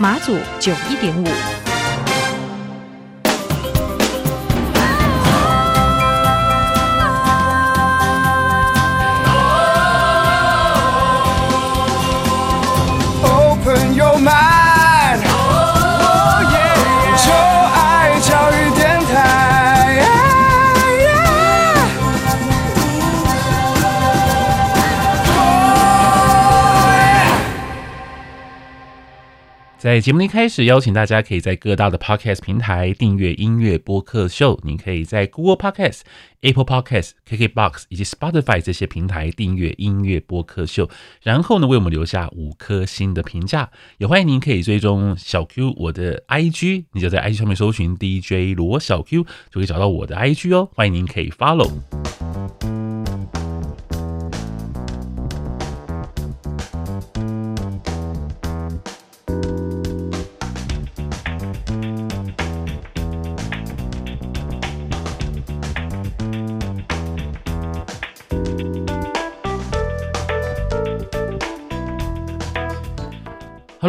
馬祖九一點五。在節目一開始，邀請大家可以在各大的 podcast 平台訂閱音樂播客秀。您可以在 Google Podcast、Apple Podcast、KKbox 以及 Spotify 這些平台訂閱音樂播客秀，然後呢，為我們留下五顆星的評價。也歡迎您可以追蹤小 Q 我的 IG，你就在 IG 上面搜尋 DJ 羅小 Q，就可以找到我的 IG 哦。歡迎您可以 follow。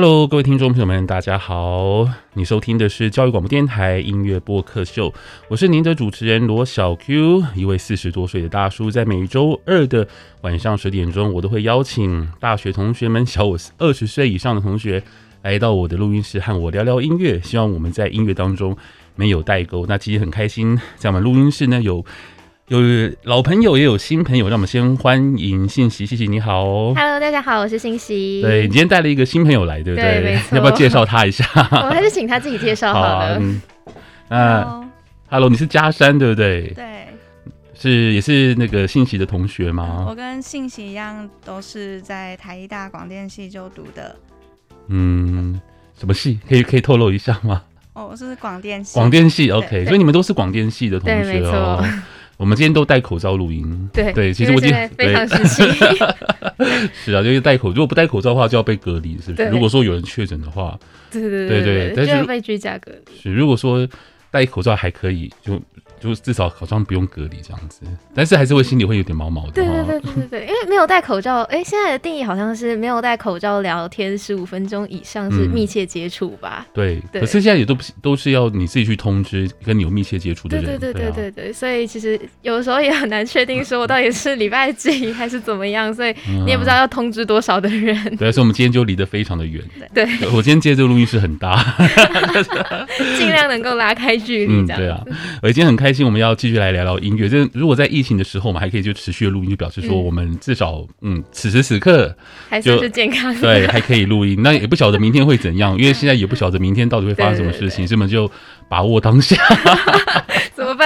Hello，各位聽眾朋友們，大家好！你收聽的是教育廣播電台音樂播客秀，我是您的主持人羅小 Q，一位四十多歲的大叔，在每周二的晚上十點鐘，我都會邀請大學同學們、小我二十歲以上的同學來到我的錄音室和我聊聊音樂，希望我們在音樂當中沒有代溝。那其實很開心，在我們錄音室呢有。有老朋友，也有新朋友，讓我們先歡迎幸惜。幸惜你好，Hello，大家好，我是幸惜。對，你今天帶了一個新朋友來，對不對？對你要不要介紹他一下？ 我還是請他自己介紹好的、啊、嗯 Hello.，Hello，你是嘉珊，對不對？對。是，也是那個幸惜的同學嗎？我跟幸惜一樣，都是在台大廣電系就讀的。嗯，什麼系？可以可以透露一下嗎？哦，我、就是廣電系。廣電系，OK。對所以你們都是廣電系的同學，哦。我們今天都戴口罩錄音，對對，其實我今天非常時期。對 是啊，就是戴口，如果不戴口罩的話就要被隔離，是不是？對如果說有人確診的話，對對對，但就要被追加隔離，是，如果說戴口罩還可以，就。就至少好像不用隔離這樣子，但是還是會心裡會有點毛毛的，哦。對對對對對對，因為沒有戴口罩。哎、欸，現在的定義好像是沒有戴口罩聊天十五分鐘以上是密切接觸吧，嗯。對，對可是現在也都不都是要你自己去通知跟你有密切接觸的人。對對對對對對，對啊，所以其實有時候也很難確定說我到底是禮拜幾還是怎麼樣，所以你也不知道要通知多少的人。嗯， 對，所以我們今天就離得非常的遠。對，對，我今天接這個錄音室很大，盡 是量能夠拉開距離，嗯。對啊，我今天很開開心，我們要繼續來聊聊音樂。就如果在疫情的時候，我們還可以就持續的錄音，就表示說我們至少，嗯,嗯，此時此刻就還算是健康的，對，還可以錄音。那也不曉得明天會怎樣，因為現在也不曉得明天到底會發生什麼事情，所以就把握當下。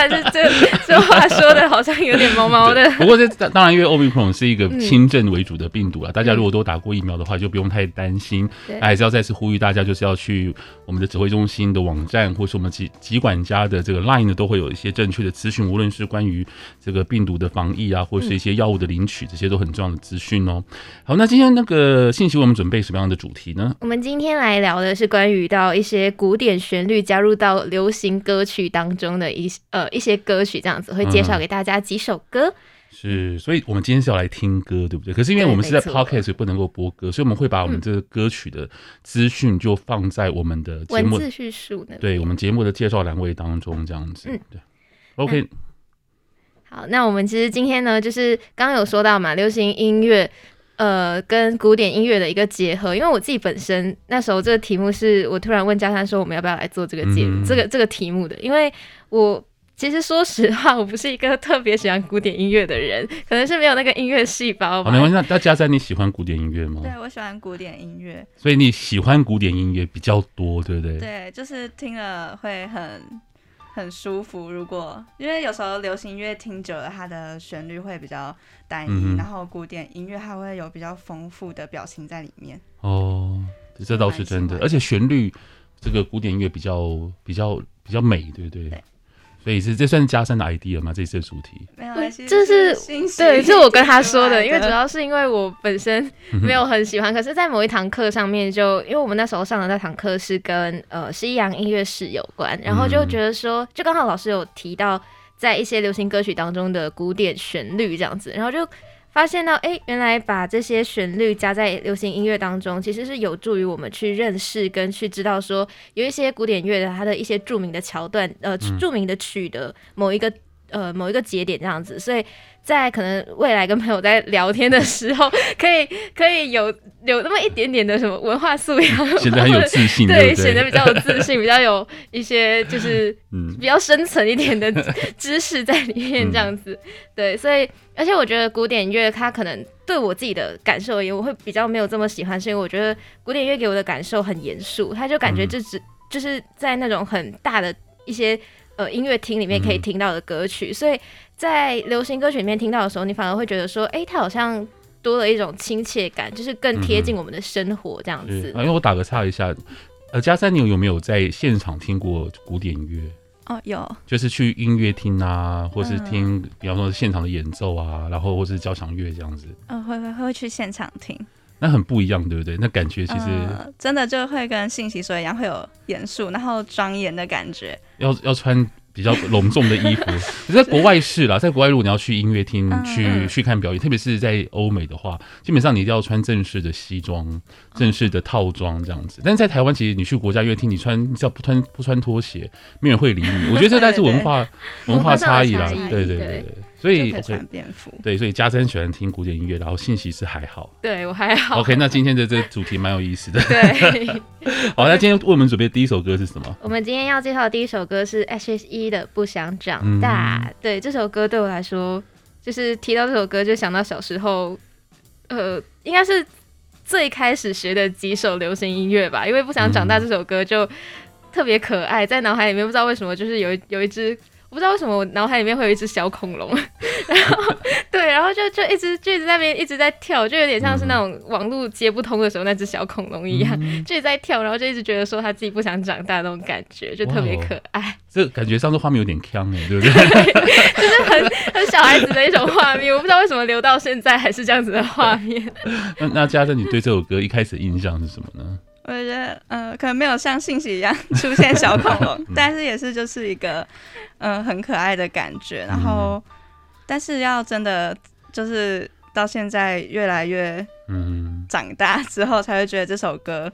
這這這話說的好像有點毛毛的。 不過這當然，因為奧密克戎是一個輕症為主的病毒啊，大家如果都打過疫苗的話，就不用太擔心。還是要再次呼籲大家，就是要去我們的指揮中心的網站，或是我們疾疾管家的這個 LINE 呢，都會有一些正確的資訊，無論是關於這個病毒的防疫啊，或是一些藥物的領取，這些都很重要的資訊哦。好，那今天那個信息為我們準備什麼樣的主題呢？我們今天來聊的是關於到一些古典旋律加入到流行歌曲當中的一些呃。一些歌曲這樣子會介紹給大家幾首歌，嗯、是，所以，我們今天是要來聽歌，對不對？可是因為我們是在 Podcast，所以不能夠播歌，所以我們會把我們這個歌曲的資訊就放在我們的節目、文字敘述的，對我們節目的介紹欄位當中這樣子。嗯、對，OK、嗯啊。好，那我們其實今天呢，就是剛剛有說到嘛，流行音樂，呃，跟古典音樂的一個結合。因為我自己本身那時候這個題目是我突然問嘉珊說，我們要不要來做這個節目、嗯、這個這個題目的？因為我。其實說實話，我不是一個特別喜歡古典音樂的人，可能是沒有那個音樂細胞吧。啊、哦，沒關係。那嘉珊，你喜歡古典音樂嗎？對，我喜歡古典音樂。所以你喜歡古典音樂比較多，對不對？對，就是聽了會很很舒服。如果因為有時候流行音樂聽久了，它的旋律會比較單一，嗯、哼然後古典音樂它會有比較豐富的表情在裡面。哦，對這倒是真的。的而且旋律，這個古典音樂比較比較比較美，對不對？對所以是這算是加深的 idea 嗎？這一次的主題沒有關係，這是，對，是我跟他說的， 因為主要是因為我本身沒有很喜歡，嗯、哼可是在某一堂課上面就，就因為我們那時候上的那堂課是跟呃西洋音樂史有關，然後就覺得說，就剛好老師有提到在一些流行歌曲當中的古典旋律這樣子，然後就。發現到，哎、欸，原來把這些旋律加在流行音樂當中，其實是有助於我們去認識跟去知道說有一些古典樂的它的一些著名的橋段，呃，著名的曲的某一個。呃，某一個節點這樣子，所以在可能未來跟朋友在聊天的時候， 可以可以有有那麼一點點的什麼文化素養，然後 對， 顯得比較有自信， 比較有一些就是比較深層一點的知識在裡面這樣子， 嗯、對，所以而且我覺得古典音樂它可能對我自己的感受也我會比較沒有這麼喜歡，是因為我覺得古典音樂給我的感受很嚴肅，他就感覺這只、嗯、就是在那種很大的一些。呃，音樂廳裡面可以聽到的歌曲，嗯、所以在流行歌曲裡面聽到的時候，你反而會覺得說，哎、欸，它好像多了一種親切感，就是更貼近我們的生活這樣子、嗯啊。因為我打個岔一下，呃，嘉珊，你有沒有在現場聽過古典樂？哦，有，就是去音樂廳啊，或是聽，比方說現場的演奏啊，嗯、然後或是交響樂這樣子。嗯、哦，會不會會去現場聽？那很不一樣，對不對？那感覺其實、嗯、真的就會跟信息所一樣，會有嚴肅然後莊嚴的感覺。要要穿比較隆重的衣服。你 在國外是啦，在國外如果你要去音樂廳、嗯、去去看表演，嗯、特別是在歐美的話，基本上你一定要穿正式的西裝、正式的套裝這樣子。嗯、但在台灣，其實你去國家音樂廳，你穿你只要不穿不穿拖鞋，沒人會理你。 我覺得這大致是文化文化差異啦。對對對。所以，okay, 以對，所以嘉珊喜歡聽古典音樂，然後信息是還好，對我還好。OK，那今天的這主題蠻有意思的。 對， 好，那今天為我們準備第一首歌是什麼？我們今天要介紹的第一首歌是 S.H.E 的《不想長大》。嗯、對，這首歌對我來說，就是提到這首歌就想到小時候，呃，應該是最開始學的幾首流行音樂吧。因為《不想長大》這首歌就特別可愛，嗯、在腦海裡面不知道為什麼，就是有一有一支。不知道為什麼我腦海裡面會有一只小恐龍，然後對，然後就就一直就一直在那邊一直在跳，就有點像是那種網路接不通的時候那只小恐龍一樣，嗯、就一直在跳，然後就一直覺得說他自己不想長大的那種感覺，就特別可愛、哦。這感覺上次畫面有點坑誒、欸，對不對？對就是很很小孩子的一種畫面， 我不知道為什麼留到現在還是這樣子的畫面。 那那嘉珊，你對這首歌一開始的印象是什麼呢？我覺得，嗯、呃，可能沒有像《信息》一樣出現小恐龍， 但是也是就是一個，嗯、呃，很可愛的感覺。然後，嗯、但是要真的就是到現在越來越，嗯，長大之後才會覺得這首歌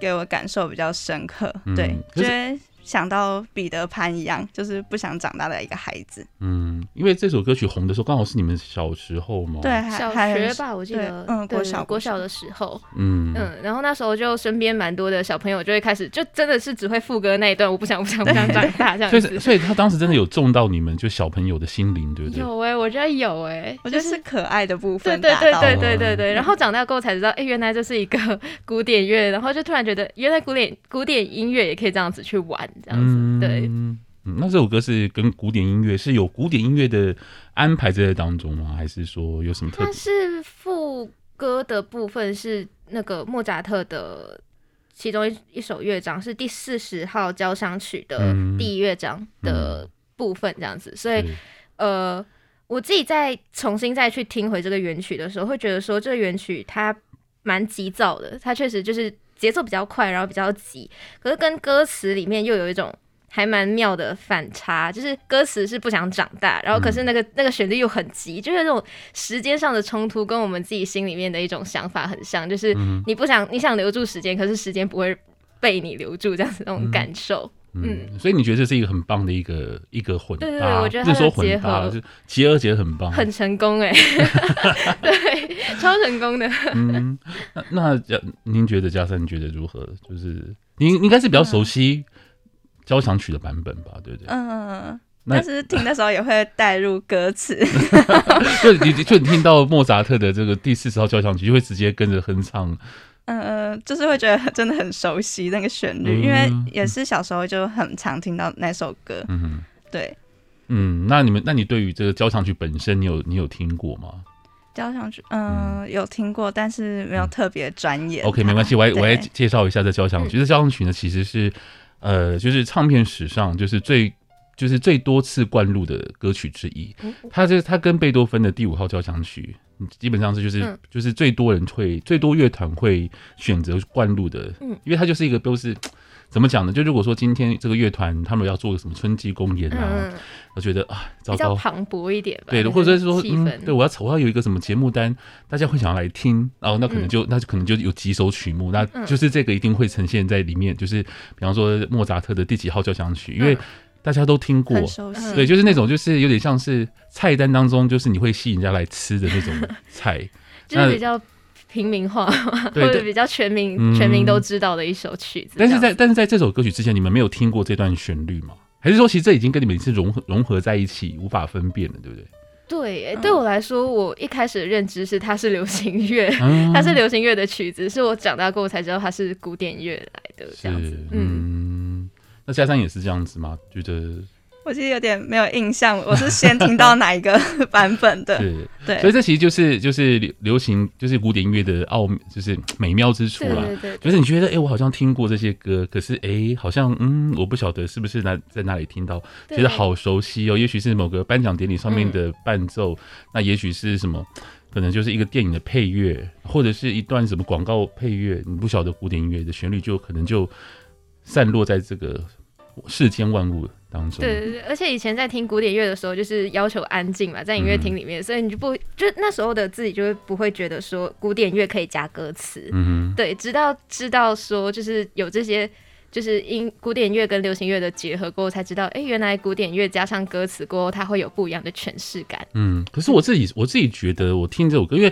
給我感受比較深刻。嗯、對，覺得。想到彼得潘一樣，就是不想長大的一個孩子。嗯，因為這首歌曲紅的時候，剛好是你們小時候嘛。對，小學吧，我記得，嗯，國小國小的時候，嗯嗯，然後那時候就身邊蠻多的小朋友就會開始，就真的是只會副歌那一段，我不想不想不想長大這樣。所以所以他當時真的有中到你們就小朋友的心靈，對不對？有哎，我覺得有哎，我覺得是可愛的部分。對對對對對對對。然後長大過後才知道，哎，原來這是一個古典樂，然後就突然覺得，原來古典古典音樂也可以這樣子去玩。這樣子對、嗯，那這首歌是跟古典音樂是有古典音樂的安排在當中嗎？還是說有什麼特別？但是副歌的部分是那個莫扎特的其中一一首樂章，是第四十號交響曲的第一樂章的部分，這樣子。嗯嗯、所以，是呃，我自己再重新再去聽回這個原曲的時候，會覺得說這個原曲它蠻急躁的，它確實就是。節奏比較快，然後比較急，可是跟歌詞裡面又有一種還蠻妙的反差，就是歌詞是不想長大，然後可是那個、嗯、那個旋律又很急，就是那種時間上的衝突，跟我們自己心裡面的一種想法很像，就是你不想，你想留住時間，可是時間不會被你留住，這樣子的那種感受。嗯嗯，所以你覺得這是一個很棒的一個一個混搭？對我覺得是說結合，結合的很棒，很成功哎，對，超成功的。嗯，那那您覺得嘉珊你覺得如何？就是您應該是比較熟悉交響曲的版本吧？對不對？嗯，但是聽的時候也會帶入歌詞，就你就你聽到莫扎特的這個第四十號交響曲，就會直接跟着哼唱。嗯、呃，就是會覺得真的很熟悉那個旋律，嗯、因為也是小時候就很常聽到那首歌。嗯哼，對。嗯，那你們，那你對於這個交響曲本身，你有你有聽過嗎？交響曲，呃、嗯，有聽過，但是沒有特別專業。OK，沒關係，我來對我來介紹一下這交響曲。對這交響曲呢，其實是，呃，就是唱片史上就是最。就是最多次灌錄的歌曲之一，它就是它跟貝多芬的第五號交響曲，基本上是就是就是最多人會最多樂團會選擇灌錄的，因為它就是一個都是怎麼講呢？就如果說今天這個樂團他們要做個什麼春季公演啊，我覺得啊糟糕，比較磅礴一點，對，或者是說，說、嗯、對，我要我要有一個什麼節目單，大家會想要來聽，然後那可能就那就可能就有幾首曲目，那就是這個一定會呈現在裡面，就是比方說莫扎特的第幾號交響曲，因為。大家都聽過，對，就是那種就是有點像是菜單當中，就是你會吸引人家來吃的那種菜， 就是比較平民化，那對對或者比較全民、嗯、全民都知道的一首曲子，子。但是在但是在這首歌曲之前，你們沒有聽過這段旋律嗎？還是說其實這已經跟你們是融合融合在一起，無法分辨了，對不對？對、欸，對我來說，嗯、我一開始的認知是它是流行樂，它、嗯、是流行樂的曲子，是我長大過後才知道它是古典樂來的這樣子。是嗯。嗯那加上也是這樣子嗎？覺得我其實有點沒有印象，我是先聽到哪一個 版本的？是對。所以這其實就是就是流行，就是古典音樂的奧妙，就是美妙之處啦。對對，對對對，就是你覺得，哎、欸，我好像聽過這些歌，可是，哎、欸，好像，嗯，我不曉得是不是在在哪裡聽到，覺得對好熟悉哦、喔。也許是某個頒獎典禮上面的伴奏，嗯、那也許是什麼，可能就是一個電影的配樂，或者是一段什麼廣告配樂。你不曉得古典音樂的旋律，就可能就。散落在這個世間萬物當中。對對對，而且以前在聽古典樂的時候，就是要求安靜嘛，在音樂廳裡面，嗯、所以你就不就那時候的自己，就會不會覺得說古典樂可以加歌詞。嗯對，直到知道說就是有這些，就是音古典樂跟流行樂的結合過後才知道哎、欸，原來古典樂加上歌詞過後，它會有不一樣的詮釋感。嗯，可是我自己我自己覺得，我聽這首歌，因為。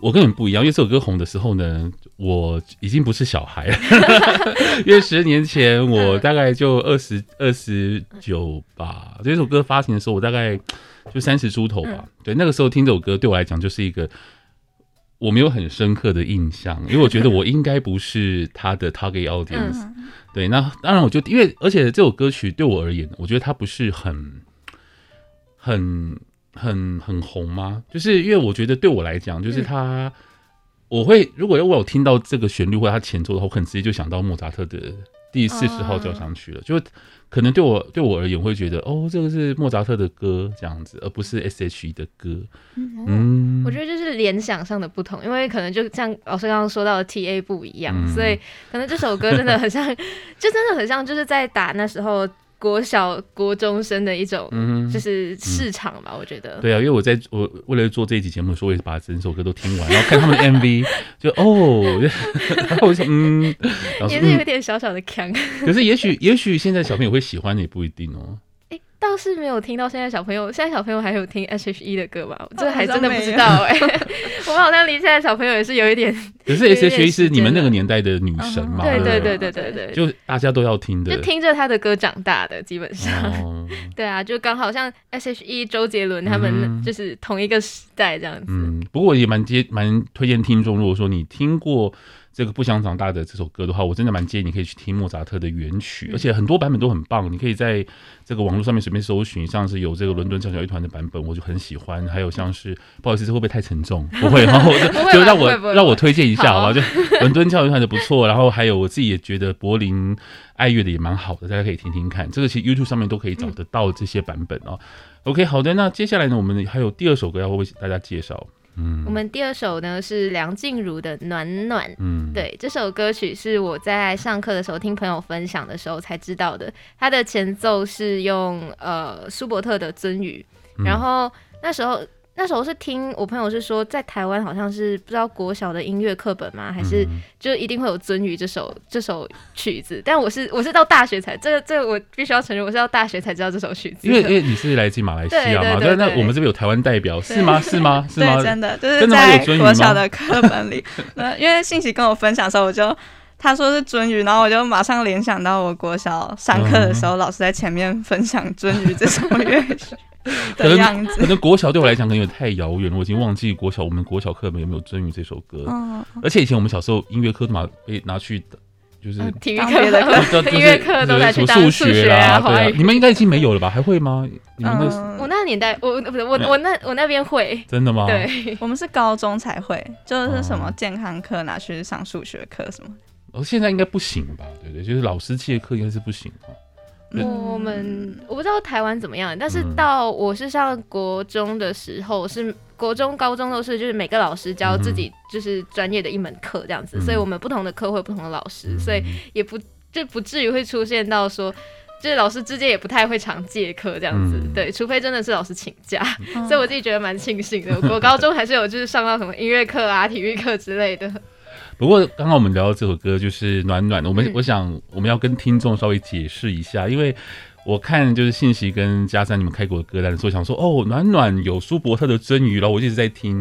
我跟你們不一樣，因為這首歌紅的時候呢，我已經不是小孩了。 因為十年前我大概就二十 二十九吧，這首歌發行的時候我大概就三十出頭吧。嗯、對，那個時候聽這首歌對我來講就是一個我沒有很深刻的印象， 因為我覺得我應該不是他的 target audience、嗯哼。對，那當然我覺得，我就因為而且這首歌曲對我而言，我覺得它不是很很。很很紅嗎？就是因為我覺得對我來講，就是他，嗯、我會，如果要我有聽到這個旋律或他前奏的話，我可能直接就想到莫扎特的第四十號交響曲了。哦、就可能對我對我而言會覺得，哦，這個是莫扎特的歌這樣子，而不是 S H E 的歌。嗯，我覺得就是聯想上的不同，因為可能就像老師剛剛說到的 T A 不一樣，嗯、所以可能這首歌真的很像， 就真的很像就是在打那時候。國小、國中生的一種，就是市場吧，嗯嗯、我覺得。對啊，因為我在我為了做這一集節目，所以把整首歌都聽完，然後看他們 MV， 就哦， 然後我想，嗯，也是有點小小的強、嗯。可是也許也許現在小朋友會喜歡也不一定哦。哎、 欸，倒是沒有聽到現在小朋友，現在小朋友還有聽 SHE 的歌吧？這還真的不知道哎、欸，哦、 我們好像離現在小朋友也是有一點。可是 SHE 是你們那個年代的女神嘛？對、哦、對對對對對，就大家都要聽的，就聽着她的歌長大的，基本上，哦、對啊，就剛好像 SHE、周杰倫他們就是同一個時代這樣子。嗯，嗯，不過我也蠻接蠻推薦聽眾，如果說你聽過這個不想長大的這首歌的話，我真的蠻建議你可以去聽莫扎特的原曲，而且很多版本都很棒，你可以在這個網絡上面隨便搜尋，像是有這個倫敦交響樂團的版本，我就很喜歡，還有像是不好意思，這會不會太沉重？ 不會，然後就，就讓我 會不會讓我推薦一。好了、啊， 就倫敦交響就不錯，然後還有我自己也覺得柏林愛樂的也蠻好的，大家可以聽聽看。這個其實 YouTube 上面都可以找得到這些版本哦。嗯、OK，好的，那接下來呢，我們還有第二首歌要為大家介紹。嗯，我們第二首呢是梁靜茹的《暖暖》。嗯，對，這首歌曲是我在上課的時候聽朋友分享的時候才知道的。它的前奏是用呃舒伯特的《鱒魚》，然後那時候。那時候是聽我朋友是說，在台灣好像是不知道國小的音樂課本嗎？還是就一定會有《鱒魚》這首這首曲子？但我是我是到大學才這個這個，這個、我必須要承認，我是到大學才知道這首曲子。因為因為你是來自馬來西亞嘛？對,對,對,對，那我們這邊有台灣代表是嗎？是嗎？對對對是嗎？真的就是在國小的課本裡 ，因為幸惜跟我分享的時候，我就他說是尊《鱒魚》然後我就馬上聯想到我國小上課的時候，嗯、老師在前面分享《鱒魚》這首樂曲。 可能樣可能國小對我來講可能有點太遙遠了，我已經忘記國小對 我們國小課本有沒有《鱒魚》這首歌？嗯、而且以前我們小時候音樂課嘛被拿去，就是、嗯、體育課的課，就是、音樂課都在讀數學啊。對啊，你們應該已、啊啊、已經沒有了吧？還會嗎？你們那嗯，我那個年代，我我我那我那邊會，真的嗎？對，我們是高中才會，就是什麼健康課拿去上數學課什麼、嗯。哦，現在應該不行吧？對，對對？就是老師借課應該是不行。我們我不知道台灣怎麼樣，但是到我是上國中的時候，是國中、高中都是就是每個老師教自己就是專業的一門課這樣子，所以我們不同的課會有不同的老師，所以也不就不至於會出現到說就是老師之間也不太會常借課這樣子，對，除非真的是老師請假，啊、 所以我自己覺得蠻慶幸的，我高中還是有就是上到什麼音樂課啊、體育課之類的。不過剛剛我們聊到這首歌就是《暖暖》，我們我想我們要跟聽眾稍微解釋一下，嗯、因為我看就是幸惜跟嘉珊你們開過歌單的時候想說，想說哦《暖暖》有舒伯特的鳟魚然後我一直在聽，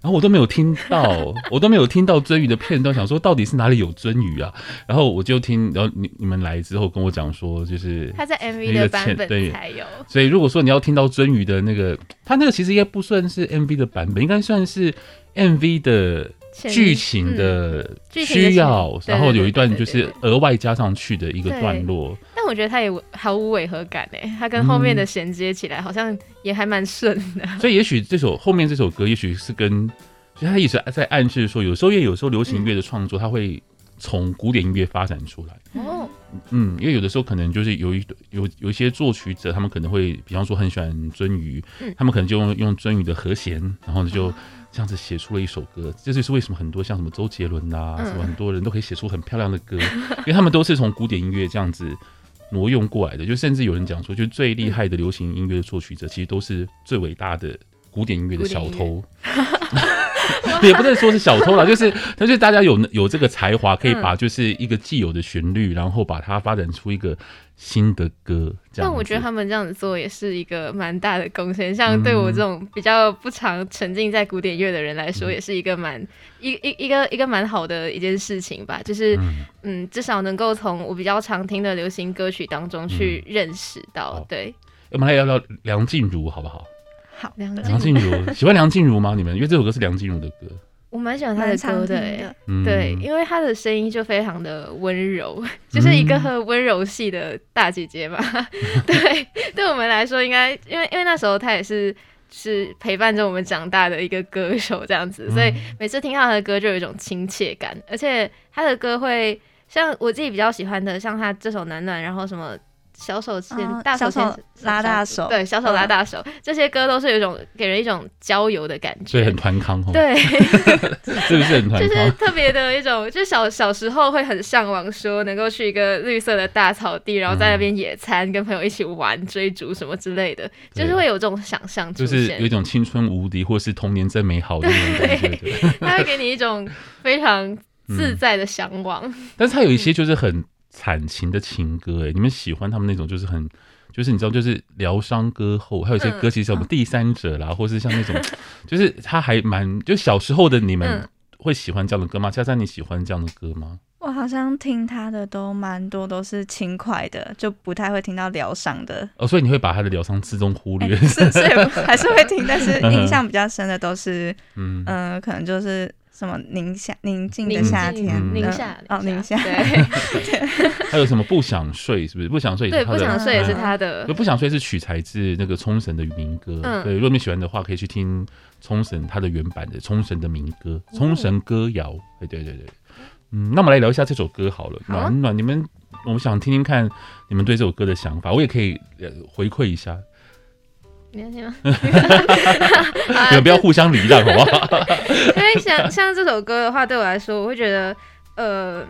然後我都沒有聽到， 我都沒有聽到鳟魚的片段，想說到底是哪裡有鳟魚啊？然後我就聽，然後你你們來之後跟我講說，就是他在 MV 的版本才有，所以如果說你要聽到鳟魚的那個，它那個其實也不算是 MV 的版本，應該算是 MV 的。劇前情的需要、嗯，然後有一段就是額外加上去的一個段落，對對對對。但我覺得它也毫無違和感哎、欸，它跟後面的銜接起來好像也還蠻順的、嗯嗯。所以也許這首後面這首歌，也許是跟其實他一直在暗示說，有時候也有時候流行樂的創作，他、嗯、會從古典音樂發展出來。哦、嗯，嗯，因為有的時候可能就是有一有有一些作曲者，他們可能會，比方說很喜歡鱒魚，嗯、他們可能就用用鱒魚的和弦，然後就。哦這樣子寫出了一首歌，這就是為什麼很多像什麼周杰倫吶、啊，什麼、嗯、很多人都可以寫出很漂亮的歌，因為他們都是從古典音樂這樣子挪用過來的。就甚至有人講說，就最厲害的流行音樂作曲者，嗯、其實都是最偉大的古典音樂的小偷， 也不能說是小偷了，就是，覺、就、得、是、大家有有這個才華，可以把就是一個既有的旋律，然後把它發展出一個。新的歌，這樣，但我覺得他們這樣子做也是一個蠻大的貢獻。像對我這種比較不常沉浸在古典樂的人來說，也是一個蠻一一一個一個蠻好的一件事情吧。就是嗯、嗯，至少能夠從我比較常聽的流行歌曲當中去認識到、嗯、對。我們來聊聊梁靜茹好不好？好，梁靜茹喜歡梁靜茹嗎？你們？因為這首歌是梁靜茹的歌。我蠻喜歡他的歌的，對，嗯、因為他的聲音就非常的溫柔，嗯、就是一個很溫柔系的大姐姐嘛。嗯、對，對我們來說應，應該因為因為那時候他也是是陪伴着我們長大的一個歌手，這樣子，所以每次聽到他的歌就有一種親切感，嗯、而且他的歌會像我自己比較喜歡的，像他這首《暖暖》，然後什麼。小手牽，大、啊、手拉大手。對，小手拉大手，啊、這些歌都是有一種給人一種郊遊的感覺，所以很團康。對，對 是不是很團？就是特別的一種，就小小時候會很向往，說能夠去一個綠色的大草地，然後在那邊野餐，跟朋友一起玩，追逐什麼之類的，嗯、就是會有這種想象、啊。就是有一種青春無敵，或是童年真美好的那種感覺的。對，他會給你一種非常自在的向往、嗯，但是他有一些就是很。嗯慘情的情歌，欸，哎，你們喜歡他們那種就是很，就是你知道，就是療傷歌後，還有一些歌，其實什麼第三者啦，嗯、或是像那種，嗯、就是他還蠻，就小時候的你們會喜歡這樣的歌嗎？嘉珊、嗯，你喜歡這樣的歌嗎？我好像聽他的都蠻多，都是輕快的，就不太會聽到療傷的。哦，所以你會把他的療傷自動忽略？欸、是， 還是會聽，但是印象比較深的都是，嗯嗯、呃，可能就是。什麼寧夏寧靜的夏天的，寧、嗯、夏，夏哦，寧夏，夏對。還 有什麼不想睡，是不是不想睡？也是他的。不想睡也是他的。對，不想睡是、嗯、不想睡是取材自那個沖繩的民歌。嗯、對，如果你喜歡的話，可以去聽沖繩它的原版的沖繩的民歌，沖繩、嗯、歌謠。對，對對對，嗯，那我們來聊一下這首歌好了，好暖暖，你們我們想聽聽看你們對這首歌的想法，我也可以、呃、回饋一下。你聽嗎？不要互相禮讓，好不好？因為像 像這首歌的話，對我來說，我會覺得，呃，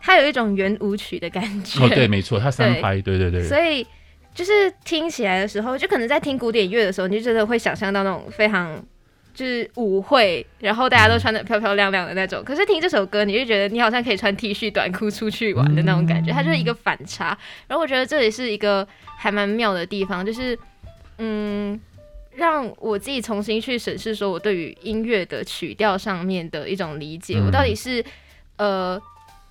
它有一種圓舞曲的感覺。哦，對，沒錯，它三拍，對，對對對，對。所以就是聽起來的時候，就可能在聽古典樂的時候，你就真的會想象到那種非常就是舞會，然後大家都穿得漂漂亮亮的那種。嗯、可是聽這首歌，你就覺得你好像可以穿 T 恤短褲出去玩的那種感覺。嗯、它就是一個反差。然後我覺得這也是一個還蠻妙的地方，就是。嗯，讓我自己重新去審視，說我對於音樂的曲調上面的一種理解，我到底是呃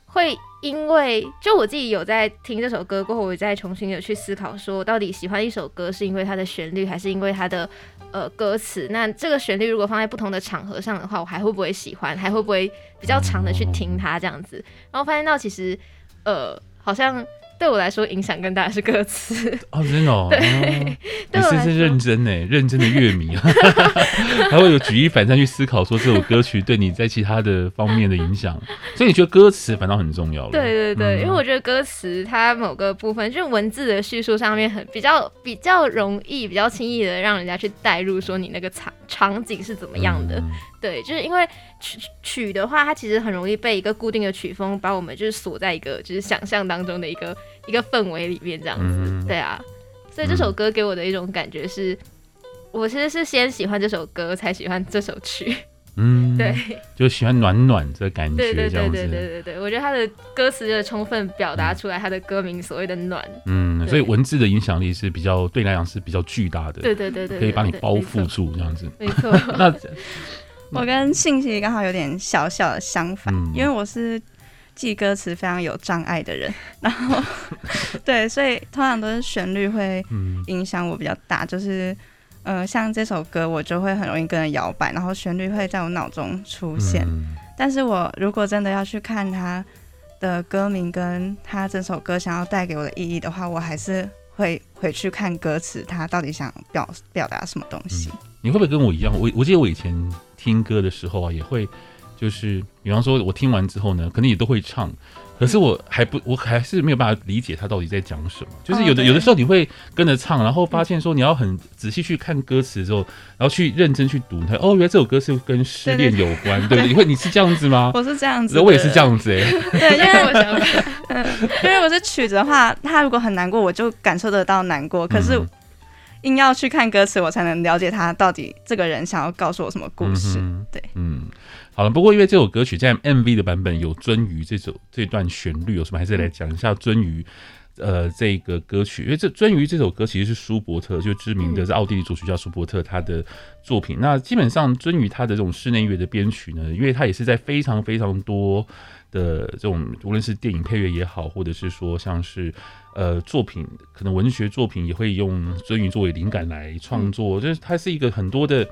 會因為就我自己有在聽這首歌過後，我再重新的去思考，說我到底喜歡一首歌是因為它的旋律，還是因為它的呃歌詞？那這個旋律如果放在不同的場合上的話，我還會不會喜歡？還會不會比較長的去聽它這樣子？然後發現到其實呃好像。對我來說，影響更大的是歌詞哦，真的，你是是認真呢，認真的樂迷 還會有舉一反三去思考，說這首歌曲對你在其他的方面的影響， 所以你覺得歌詞反倒很重要了，對對對，嗯、因為我覺得歌詞它某個部分，就是文字的敘述上面，很比較比較容易，比較輕易的讓人家去代入，說你那個場場景是怎麼樣的，嗯、對，就是因為。曲曲的話，它其實很容易被一個固定的曲風把我們就是鎖在一個就是想象當中的一個一個氛圍裡面這樣子，嗯、對啊，所以這首歌給我的一種感覺是，嗯、我其實是先喜歡這首歌才喜歡這首曲，嗯，對，就喜歡暖暖這個感覺這樣子，對對對對對對對，我覺得他的歌詞就充分表達出來他的歌名所謂的暖，嗯，對所以文字的影響力是比較對你來講是比較巨大的，對對對對，對，對，對對對對，可以把你包覆住這樣子，沒錯錯，沒錯 那。我跟幸惜剛好有點小小的相反，嗯、因為我是記歌詞非常有障礙的人，然後、嗯、 對，所以通常都是旋律會影響我比較大，就是呃，像這首歌我就會很容易跟人搖擺，然後旋律會在我腦中出現，嗯、但是我如果真的要去看他的歌名跟他這首歌想要帶給我的意義的話，我還是會回去看歌詞，他到底想表表達什麼東西。嗯你會不會跟我一樣？我我記得我以前聽歌的時候啊，也會，就是比方說，我聽完之後呢，可能也都會唱，可是我還不，我還是沒有辦法理解他到底在講什麼。嗯、就是有的、嗯、有的時候你會跟着唱，然後發現說你要很仔細去看歌詞之後，然後去認真去讀他，他哦，原來這首歌是跟失戀有關，對不對？對對對，對對對。你會你是這樣子嗎？我是這樣子，我也是這樣子，誒，對，因為我想，因為我是曲子的話，他如果很難過，我就感受得到難過，可是、嗯。硬要去看歌詞，我才能了解他到底這個人想要告訴我什麼故事。嗯、哼對，嗯，好了，不過因為這首歌曲在 MV 的版本有鱒魚這首這段旋律、哦，有什麼還是來講一下鱒魚。呃，這個歌曲，因為這《鱒魚》這首歌其實是舒伯特，就知名的在奧地利作曲家舒伯特他的作品。嗯、那基本上，《鱒魚》他的這種室內樂的編曲呢，因為它也是在非常非常多的這種，無論是電影配樂也好，或者是說像是呃作品，可能文學作品也會用《鱒魚》作為靈感來創作。嗯、就是它是一個很多的，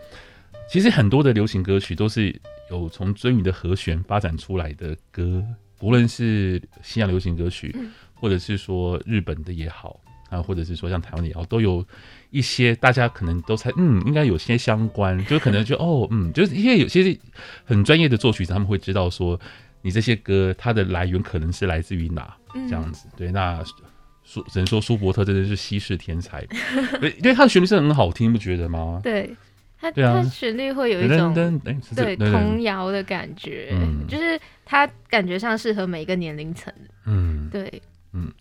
其實很多的流行歌曲都是有從《鱒魚》的和弦發展出來的歌，無論是西洋流行歌曲。嗯或者是說日本的也好啊，或者是說像台灣的也好，都有一些大家可能都猜，嗯，應該有些相關，就可能就哦，嗯，就是因為有些很專業的作曲他們會知道說你這些歌它的來源可能是來自於哪、嗯、這樣子。對，那說只能說舒伯特真的是稀世天才，嗯、因為他的旋律是很好聽，不覺得嗎？對，他對、啊、他旋律會有一種對童謠的感覺，嗯、就是他感覺上適合每一個年齡層，嗯，對。嗯，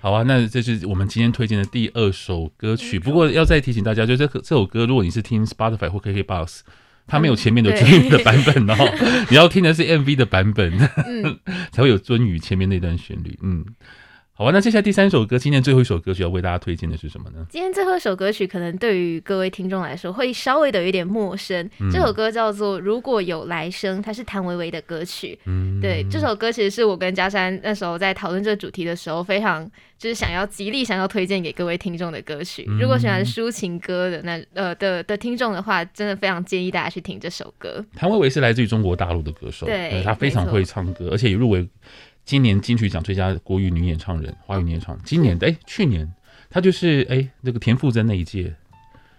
好啊，那這是我們今天推薦的第二首歌曲。嗯、不過要再提醒大家，就這這首歌，如果你是聽 Spotify 或 KKBOX、嗯、它沒有前面的旋律的版本哦，然後你要聽的是 MV 的版本， 才會有鱒魚前面那段旋律。嗯。好啊，那接下來第三首歌，今天最後一首歌曲要為大家推薦的是什麼呢？今天最後一首歌曲可能對於各位聽眾來說會稍微的有點陌生。嗯、這首歌叫做《如果有來生》，它是譚維維的歌曲。嗯，對，這首歌其實是我跟嘉珊那時候在討論這個主題的時候，非常就是想要極力想要推薦給各位聽眾的歌曲。嗯、如果喜歡抒情歌的那呃的的，的聽眾的話，真的非常建議大家去聽這首歌。譚維維是來自於中國大陸的歌手，對，他非常會唱歌，錯而且也入圍。今年金曲獎最佳國語女演唱人、華語女演唱人，今年哎、欸，去年她就是哎、欸、那個田馥甄那一屆，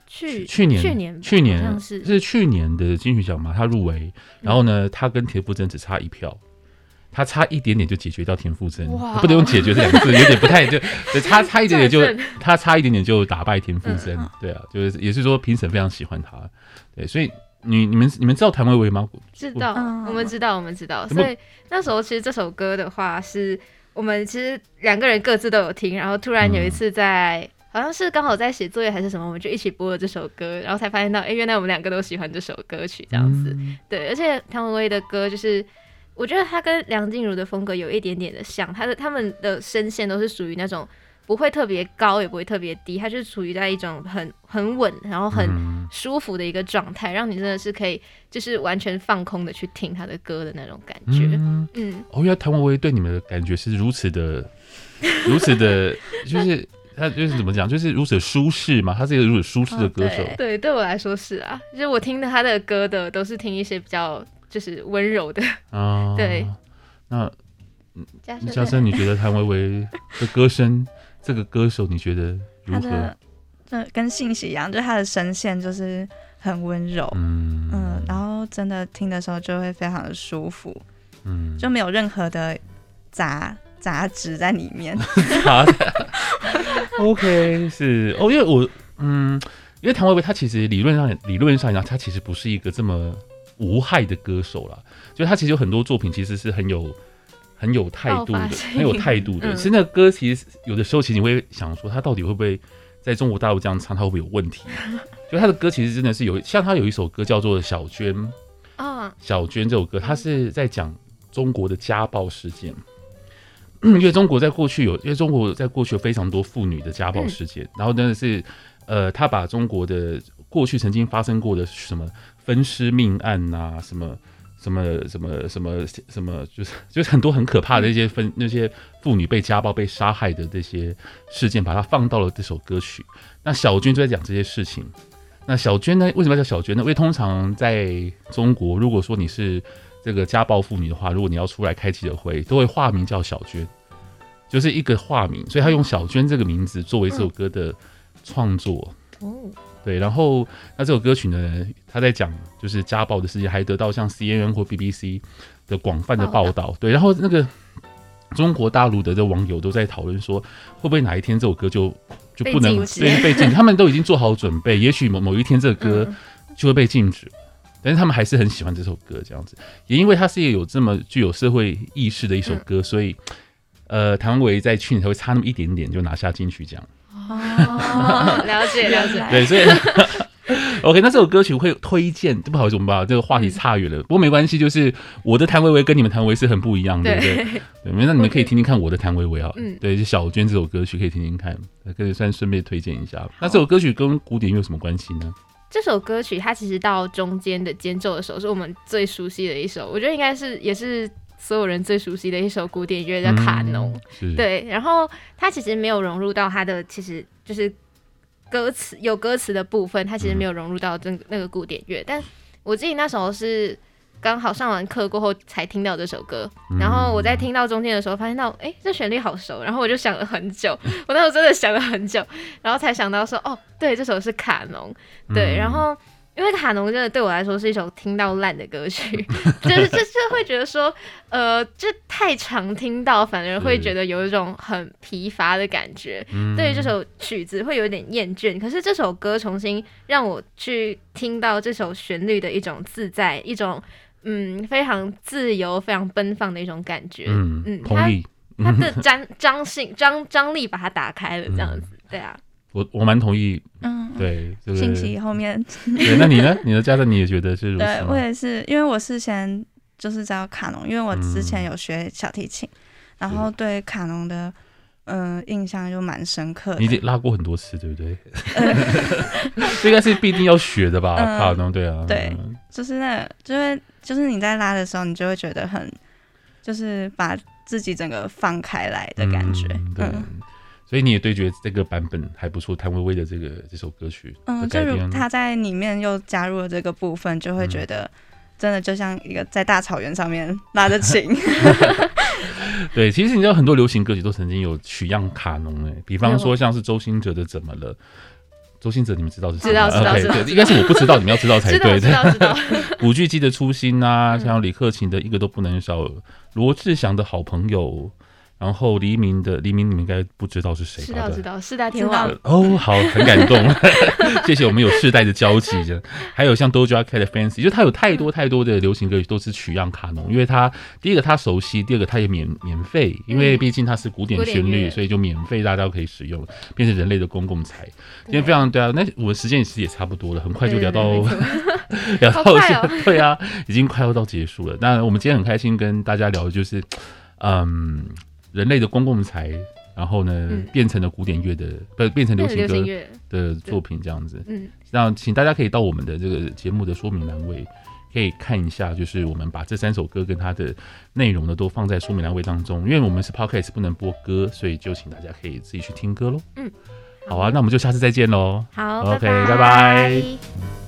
去去年去年去年是,是去年的金曲獎嘛，她入圍，嗯、然後呢，她跟田馥甄只差一票，她差一點點就解決掉田馥甄，哇不能用解決這兩個字， 有點不太就，差差一點點就她 差,差一點點就打敗田馥甄，嗯、對啊，就是也是說評審非常喜歡她，對，所以。你、你們、你們知道譚維維嗎？知道，我，嗯、我們知道，我們知道。嗯、所以那時候其實這首歌的話是，是我們其實兩個人各自都有聽，然後突然有一次在、嗯、好像是剛好在寫作業還是什麼，我們就一起播了這首歌，然後才發現到，哎、欸，原來我們兩個都喜歡這首歌曲這樣子。嗯、對，而且譚維維的歌就是，我覺得她跟梁靜茹的風格有一點點的像，她的他們的聲線都是屬於那種。不會特別高，也不會特別低，它就處於在一種很很穩，然後很舒服的一個狀態，嗯、讓你真的是可以就是完全放空的去聽他的歌的那種感覺。嗯，嗯哦，要譚維維對你們的感覺是如此的， 如此的，就是他就是怎麼講，就是如此舒適嘛？他是一個如此舒適的歌手，哦。對，對我來說是啊，就是我聽了他的歌的都是聽一些比較就是溫柔的啊。哦，對，那嘉珊，嘉珊你覺得譚維維的歌聲？這個歌手你覺得如何？這跟幸惜一樣，就是他的聲線就是很溫柔，嗯嗯，然後真的聽的時候就會非常的舒服，嗯，就沒有任何的雜雜質在裡面。OK，是哦，oh, 因為我嗯，因為譚維維他其實理論上理論上講，他其實不是一個這麼無害的歌手啦，就他其實有很多作品其實是很有。很有態度的，很有態度的。其實那個歌其實有的時候，其實你會想說，他到底會不會在中國大陸這樣唱，他會不會有問題？就他的歌其實真的是有，像他有一首歌叫做小娟《小娟》啊，《小娟》這首歌，他是在講中國的家暴事件。因為中國在過去有，因為中國在過去有非常多婦女的家暴事件，然後真的是，呃，他把中國的過去曾經發生過的什麼分屍命案吶、啊，什麼。什麼什麼什麼什麼，就是就是很多很可怕的那些分那些婦女被家暴被殺害的這些事件，把它放到了這首歌曲。那小娟就在講這些事情。那小娟呢？為什麼要叫小娟呢？因為通常在中國，如果說你是這個家暴婦女的話，如果你要出來開記者會，都會化名叫小娟，就是一個化名。所以他用小娟這個名字作為這首歌的創作。對，然後那這首歌曲呢？他在講就是家暴的事情，還得到像 CNN 或 BBC 的廣泛的報道。Oh, no. 對，然後那個中國大陸的這網友都在討論說，會不會哪一天這首歌就就不能被被禁止？他們都已經做好準備，也許某某一天這首歌就會被禁止。嗯、但是他們還是很喜歡這首歌，這樣子也因為它是一個有這麼具有社會意識的一首歌，嗯、所以呃，譚維在去年才會差那麼一點點就拿下金曲獎。哦、oh, 了解 了解。對，所以。OK，那這首歌曲我會推薦，不好意思，我們把這個話題岔遠了。嗯、不過沒關係，就是我的譚維維跟你們譚維維是很不一樣的，對不對？對，對，那你們可以聽聽看我的譚維維啊。嗯，對，就小娟這首歌曲可以聽聽看，可以算順便推薦一下。好那這首歌曲跟古典樂有什麼關係呢？這首歌曲它其實到中間的間奏的時候，是我們最熟悉的一首，我覺得應該是也是所有人最熟悉的一首古典音樂，叫卡農。嗯、對，然後它其實沒有融入到它的，其實就是。歌詞有歌詞的部分，他其實沒有融入到這那個古典樂。嗯、但我記得那時候是剛好上完課過後才聽到這首歌，嗯、然後我在聽到中間的時候，發現到哎、欸、這旋律好熟，然後我就想了很久，我那時候真的想了很久，然後才想到說哦，對，這首是卡農，對，嗯、然後。因為卡農真的對我來說是一首聽到爛的歌曲， 就是就是會覺得說，呃，就太常聽到反而會覺得有一種很疲乏的感覺，嗯、對於這首曲子會有點厭倦。可是這首歌重新讓我去聽到這首旋律的一種自在，一種嗯，非常自由、非常奔放的一種感覺。嗯嗯，張、嗯、同意，它的張張性張張力把它打開了這樣子，嗯、對啊。我我蠻同意，嗯，對，就是幸惜後面，對，那你呢？你的嘉珊你也覺得是如此？ 對我也是，因為我事先就是找卡農，因為我之前有學小提琴，嗯、然後對卡農的嗯、呃、印象就蠻深刻。你得拉過很多次，對不對？嗯、 應該是必定要學的吧，嗯、卡農。對啊，對，就是那，就會就是你在拉的時候，你就會覺得很，就是把自己整個放開來的感覺，嗯。對嗯所以你也對決這個版本還不錯，譚維維的這個這首歌曲，嗯，就是、他在裡面又加入了這個部分，就會覺得真的就像一個在大草原上面拉着琴。 對，其實你知道很多流行歌曲都曾經有取樣卡農誒，比方說像是周興哲的《怎麼了》，周興哲你們知道是？知道知道，應該是我不知道， 你們要知道才對。知道知道，古巨基對道 的《初心》啊，嗯、像李克勤的《一個都不能少》，羅志祥的《好朋友》。然後黎明的黎明，你們應該不知道是誰吧？知道，知道，四大天王。呃、道哦，好，很感動， 謝謝我們有世代的交集。 還有像《Do j o u Like Fancy》，就是它有太多太多的流行歌曲都是取樣卡農，因為它第一個它熟悉，第二個它也免免費，因為畢竟它是古典旋律，嗯、所以就免費，大家都可以使用，變成人類的公共財。對今天非常對啊，那我們時間其實也差不多了，很快就聊到，對對對聊到一下、哦、對啊，已經快要到結束了。那我們今天很開心跟大家聊的就是嗯。人類的公共財，然後呢，嗯、變成了古典樂的，不變成流行歌的作品這樣子。嗯，那請大家可以到我們的這個節目的說明欄位，可以看一下，就是我們把這三首歌跟它的內容呢，都放在說明欄位當中。因為我們是 Podcast 不能播歌，所以就請大家可以自己去聽歌嘍。嗯，好啊，那我們就下次再見嘍。好，OK，拜拜。拜拜。